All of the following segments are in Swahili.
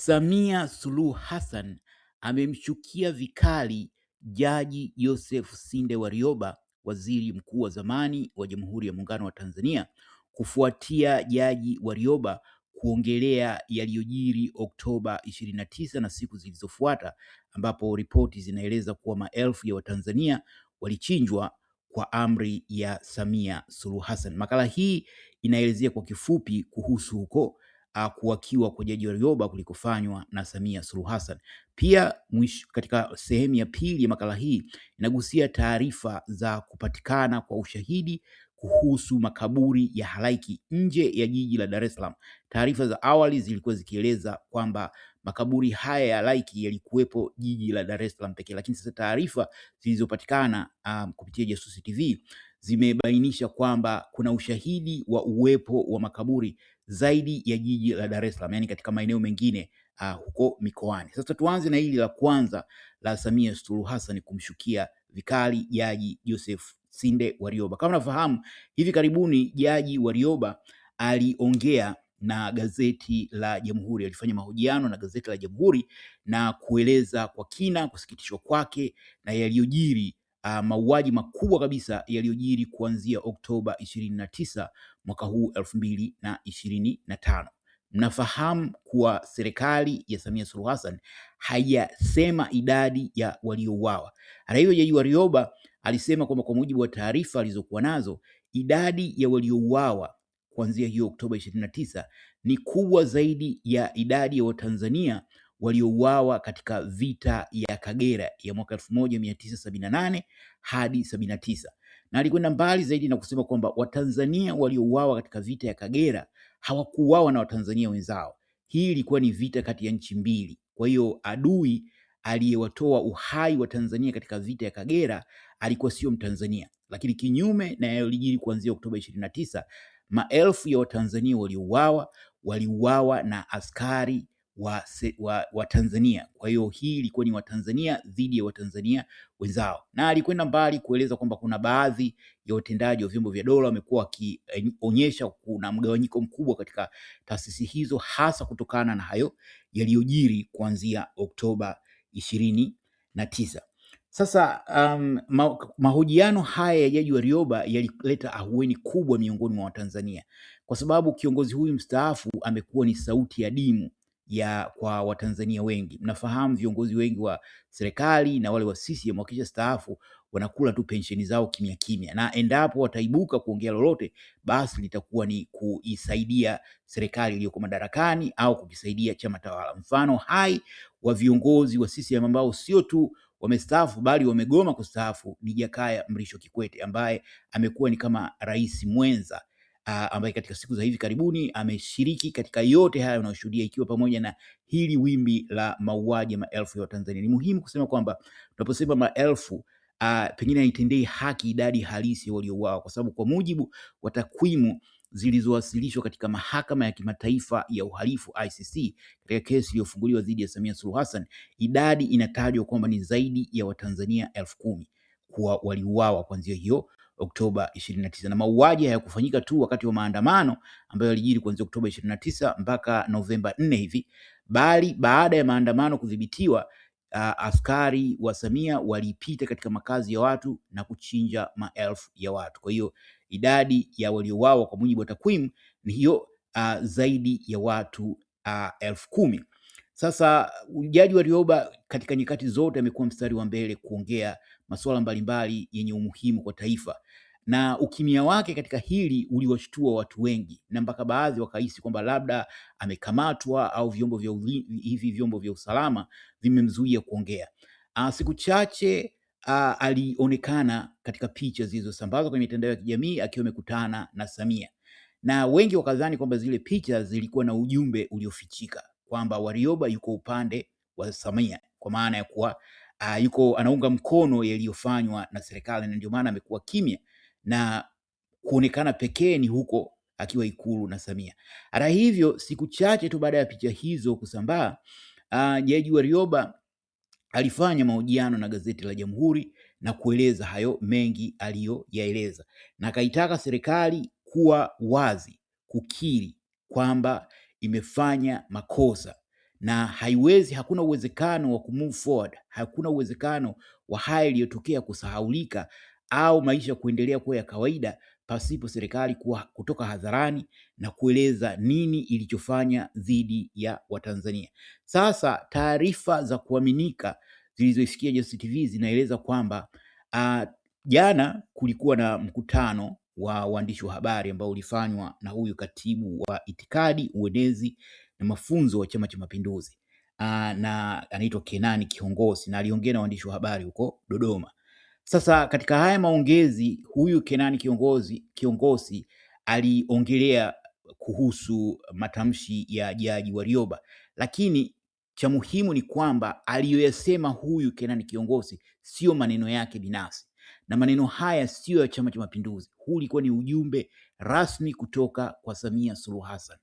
Samia Suluhu Hassan amemshukia vikali Jaji Joseph Sinde Warioba, waziri mkuu wa zamani wa Jamhuri ya Muungano wa Tanzania, kufuatia Jaji Warioba kuongelea yaliyojiri Oktoba 29 na siku zilizofuata, ambapo ripoti zinaeleza kuwa maelfu ya Watanzania walichinjwa kwa amri ya Samia Suluhu Hassan. Makala hii inaelezea kwa kifupi kuhusu huko Ah, kuwakiwa kwa Jaji Warioba kulikofanywa na Samia Suluhu Hassan. Pia mwish, katika sehemu ya pili ya makala hii inagusia taarifa za kupatikana kwa ushahidi kuhusu makaburi ya halaiki nje ya jiji la Dar es Salaam. Taarifa za awali zilikuwa zikieleza kwamba makaburi haya ya halaiki yalikuwepo jiji la Dar es Salaam pekee, lakini sasa taarifa zilizopatikana um, kupitia Jasusi TV zimebainisha kwamba kuna ushahidi wa uwepo wa makaburi zaidi ya jiji la Dar es Salaam, yani katika maeneo mengine uh, huko mikoani. Sasa tuanze na hili la kwanza la Samia Suluhu Hassan kumshukia vikali Jaji Joseph Sinde Warioba. Kama unafahamu, hivi karibuni Jaji Warioba aliongea na gazeti la Jamhuri, alifanya mahojiano na gazeti la Jamhuri na kueleza kwa kina kusikitishwa kwake na yaliyojiri uh, mauaji makubwa kabisa yaliyojiri kuanzia Oktoba 29 mwaka huu elfu mbili na ishirini na tano. Mnafahamu kuwa serikali ya Samia Suluhu Hassan haijasema idadi ya waliouawa. Hata hivyo, Jaji Warioba alisema kwamba kwa mujibu wa taarifa alizokuwa nazo, idadi ya waliouawa kuanzia hiyo Oktoba 29 ni kubwa zaidi ya idadi ya Watanzania waliouawa katika vita ya Kagera ya mwaka 1978 hadi 79 na alikwenda mbali zaidi na kusema kwamba Watanzania waliouawa katika vita ya Kagera hawakuuawa na Watanzania wenzao. Hii ilikuwa ni vita kati ya nchi mbili. Kwa hiyo adui aliyewatoa uhai wa Tanzania katika vita ya Kagera alikuwa sio Mtanzania. Lakini kinyume na yalijiri kuanzia Oktoba ishirini na tisa, maelfu ya Watanzania waliouawa waliuawa na askari wa, wa, wa Tanzania. Kwa hiyo hii ilikuwa ni Watanzania dhidi ya Watanzania wenzao, na alikwenda mbali kueleza kwamba kuna baadhi ya watendaji wa vyombo vya dola wamekuwa wakionyesha kuna mgawanyiko mkubwa katika taasisi hizo, hasa kutokana na hayo yaliyojiri kuanzia Oktoba ishirini na tisa. Sasa um, ma, mahojiano haya ya Jaji Warioba yalileta ahueni kubwa miongoni mwa Watanzania kwa sababu kiongozi huyu mstaafu amekuwa ni sauti ya dimu ya kwa Watanzania wengi. Mnafahamu viongozi wengi wa serikali na wale wa CCM wakisha staafu wanakula tu pensheni zao kimya kimya, na endapo wataibuka kuongea lolote, basi litakuwa ni kuisaidia serikali iliyoko madarakani au kukisaidia chama tawala. Mfano hai wa viongozi wa CCM ambao sio tu wamestaafu bali wamegoma kustaafu ni Jakaya Mrisho Kikwete ambaye amekuwa ni kama rais mwenza uh, ambaye katika siku za hivi karibuni ameshiriki katika yote haya unayoshuhudia, ikiwa pamoja na hili wimbi la mauaji ya maelfu ya Watanzania. Ni muhimu kusema kwamba tunaposema maelfu Uh, pengine haitendei haki idadi halisi waliouawa, kwa sababu kwa mujibu wa takwimu zilizowasilishwa katika mahakama ya kimataifa ya uhalifu ICC, katika kesi iliyofunguliwa dhidi ya Samia Suluhu Hassan, idadi inatajwa kwamba ni zaidi ya Watanzania elfu kumi kuwa waliuawa njia hiyo Oktoba 29 na mauaji hayakufanyika tu wakati wa maandamano ambayo yalijiri kuanzia Oktoba 29 mpaka Novemba 4 hivi, bali baada ya maandamano kudhibitiwa, uh, askari wa Samia walipita katika makazi ya watu na kuchinja maelfu ya watu. Kwa hiyo idadi ya waliouawa kwa mujibu wa takwimu ni hiyo, uh, zaidi ya watu uh, elfu kumi. Sasa Jaji Warioba katika nyakati zote amekuwa mstari wa mbele kuongea masuala mbalimbali yenye umuhimu kwa taifa, na ukimya wake katika hili uliwashtua watu wengi, na mpaka baadhi wakahisi kwamba labda amekamatwa au vyombo vya hivi vyombo vya usalama vimemzuia kuongea. Aa, ah, siku chache aa, alionekana katika picha zilizosambazwa kwenye mitandao ya kijamii akiwa amekutana na Samia na wengi wakadhani kwamba zile picha zilikuwa na ujumbe uliofichika kwamba Warioba yuko upande wa Samia kwa maana ya kuwa uh, yuko anaunga mkono yaliyofanywa na serikali, na ndio maana amekuwa kimya na kuonekana pekee ni huko akiwa Ikulu na Samia. Hata hivyo, siku chache tu baada ya picha hizo kusambaa, uh, Jaji Warioba alifanya mahojiano na gazeti la Jamhuri na kueleza hayo mengi aliyoyaeleza, na akaitaka serikali kuwa wazi kukiri kwamba imefanya makosa na haiwezi, hakuna uwezekano wa kumove forward, hakuna uwezekano wa haya iliyotokea kusahaulika au maisha kuendelea kuwa ya kawaida pasipo serikali kuwa kutoka hadharani na kueleza nini ilichofanya dhidi ya Watanzania. Sasa taarifa za kuaminika zilizoifikia Jasusi TV zinaeleza kwamba uh, jana kulikuwa na mkutano wa uandishi wa habari ambao ulifanywa na huyu katibu wa itikadi, uenezi na mafunzo wa Chama cha Mapinduzi ah, na anaitwa Kenani Kihongosi, na aliongea na waandishi wa habari huko Dodoma. Sasa katika haya maongezi, huyu Kenani Kiongozi Kiongosi aliongelea kuhusu matamshi ya Jaji Warioba, lakini cha muhimu ni kwamba aliyoyasema huyu Kenani Kiongozi sio maneno yake binafsi, na maneno haya siyo ya Chama cha Mapinduzi. Huu ulikuwa ni ujumbe rasmi kutoka kwa Samia Suluhu Hassan,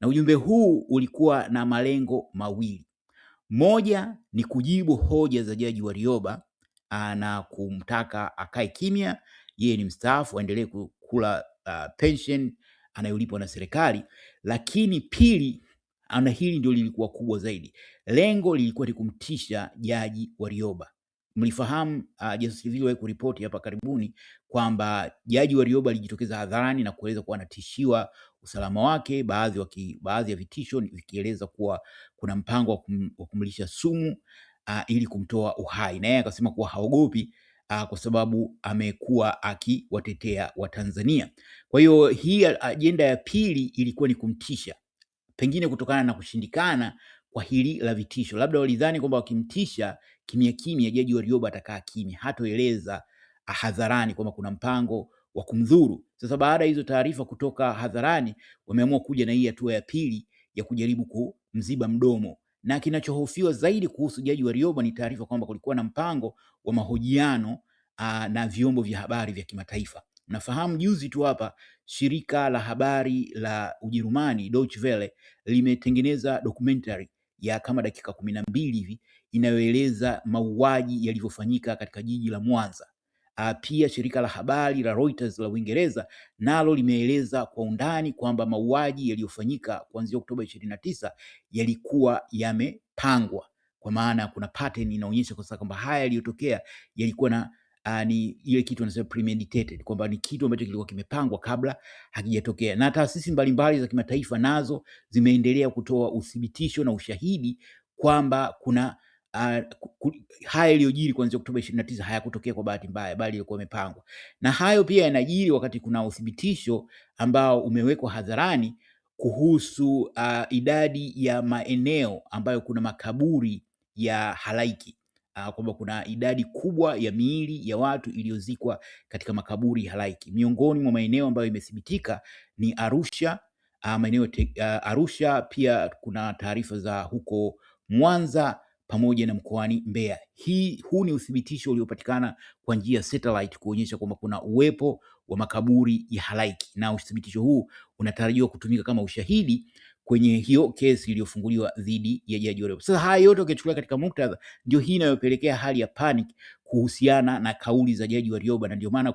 na ujumbe huu ulikuwa na malengo mawili. Moja ni kujibu hoja za Jaji Warioba ah, na kumtaka akae kimya, yeye ni mstaafu, aendelee kula uh, pension anayolipwa na serikali. Lakini pili, ana hili ndio lilikuwa kubwa zaidi, lengo lilikuwa ni kumtisha Jaji Warioba mlifahamu uh, TV Reveal kuripoti hapa karibuni kwamba Jaji Warioba alijitokeza hadharani na kueleza kuwa anatishiwa usalama wake, baadhi waki, baadhi ya vitisho vikieleza kuwa kuna mpango wa kum, kumlisha sumu uh, ili kumtoa uhai, na yeye akasema kuwa haogopi uh, kwa sababu amekuwa akiwatetea Watanzania. Kwa hiyo hii ajenda ya pili ilikuwa ni kumtisha, pengine kutokana na kushindikana kwa hili la vitisho, labda walidhani kwamba wakimtisha kimya kimya, Jaji Warioba atakaa kimya, hatoeleza ah, hadharani kwamba kuna mpango wa kumdhuru. Sasa baada ya hizo taarifa kutoka hadharani, wameamua kuja na hii hatua ya pili ya kujaribu kumziba mdomo, na kinachohofiwa zaidi kuhusu Jaji Warioba ni taarifa kwamba kulikuwa na mpango wa mahojiano aa, ah, na vyombo vya habari vya kimataifa. Nafahamu juzi tu hapa shirika la habari la Ujerumani Deutsche Welle limetengeneza documentary ya kama dakika kumi na mbili hivi inayoeleza mauaji yalivyofanyika katika jiji la Mwanza. Ah, pia shirika la habari la Reuters la Uingereza nalo limeeleza kwa undani kwamba mauaji yaliyofanyika kuanzia Oktoba ishirini na tisa yalikuwa yamepangwa, kwa maana kuna pattern inaonyesha kwa sasa kwamba haya yaliyotokea yalikuwa na uh, ni ile kitu anasema premeditated, kwamba ni kitu ambacho kilikuwa kimepangwa kabla hakijatokea. Na taasisi mbalimbali za kimataifa nazo zimeendelea kutoa uthibitisho na ushahidi kwamba kuna Uh, haya yaliyojiri kuanzia Oktoba 29 hayakutokea kwa bahati mbaya, bali ilikuwa imepangwa. Na hayo pia yanajiri wakati kuna uthibitisho ambao umewekwa hadharani kuhusu uh, idadi ya maeneo ambayo kuna makaburi ya halaiki. Ah, kwamba kuna idadi kubwa ya miili ya watu iliyozikwa katika makaburi halaiki. Miongoni mwa maeneo ambayo imethibitika ni Arusha, ah, maeneo ah, Arusha, pia kuna taarifa za huko Mwanza pamoja na mkoani Mbeya. Hii, huu ni uthibitisho uliopatikana kwa njia ya satellite kuonyesha kwamba kuna uwepo wa makaburi ya halaiki, na uthibitisho huu unatarajiwa kutumika kama ushahidi kwenye hiyo kesi iliyofunguliwa dhidi ya Jaji Warioba. Sasa haya yote ukichukulia katika muktadha, ndio hii inayopelekea hali ya panic kuhusiana na kauli za Jaji Warioba, na ndio maana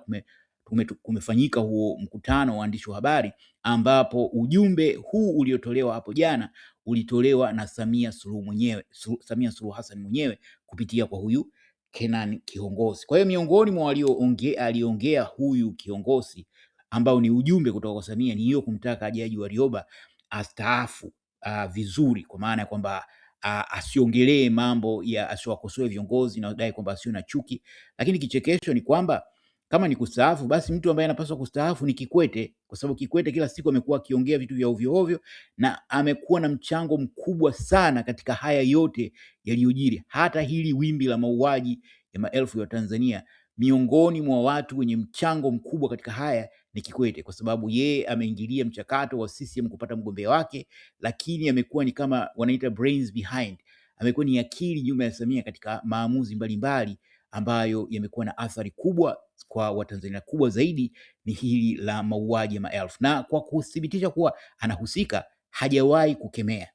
kume kumefanyika huo mkutano waandishi wa habari ambapo ujumbe huu uliotolewa hapo jana ulitolewa na Samia Suluhu mwenyewe, Samia Suluhu Hassan mwenyewe kupitia kwa huyu Kenan kiongozi. Kwa hiyo miongoni mwa walioongea aliongea huyu kiongozi ambao ni ujumbe kutoka kwa Samia ni hiyo kumtaka Jaji Warioba astaafu uh, vizuri, kwa maana ya kwamba uh, asiongelee mambo ya asiwakosoe viongozi na dai kwamba asio na chuki. Lakini kichekesho ni kwamba kama ni kustaafu, basi mtu ambaye anapaswa kustaafu ni Kikwete, kwa sababu Kikwete kila siku amekuwa akiongea vitu vya ovyo ovyo na amekuwa na mchango mkubwa sana katika haya yote yaliyojiri, hata hili wimbi la mauaji ya maelfu ya Tanzania miongoni mwa watu wenye mchango mkubwa katika haya ni Kikwete, kwa sababu yeye ameingilia mchakato wa CCM kupata mgombea wake, lakini amekuwa ni kama wanaita brains behind, amekuwa ni akili nyuma ya Samia katika maamuzi mbalimbali mbali ambayo yamekuwa na athari kubwa kwa Watanzania. Kubwa zaidi ni hili la mauaji ya maelfu, na kwa kuthibitisha kuwa anahusika hajawahi kukemea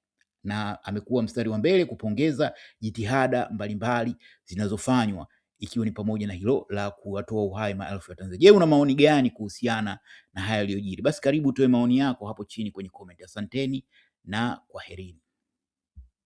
na amekuwa mstari wa mbele kupongeza jitihada mbalimbali mbali zinazofanywa ikiwa ni pamoja na hilo la kuwatoa uhai maelfu ya Tanzania. Je, una maoni gani kuhusiana na haya yaliyojiri? Basi karibu utoe maoni yako hapo chini kwenye comment. Asanteni na kwaherini.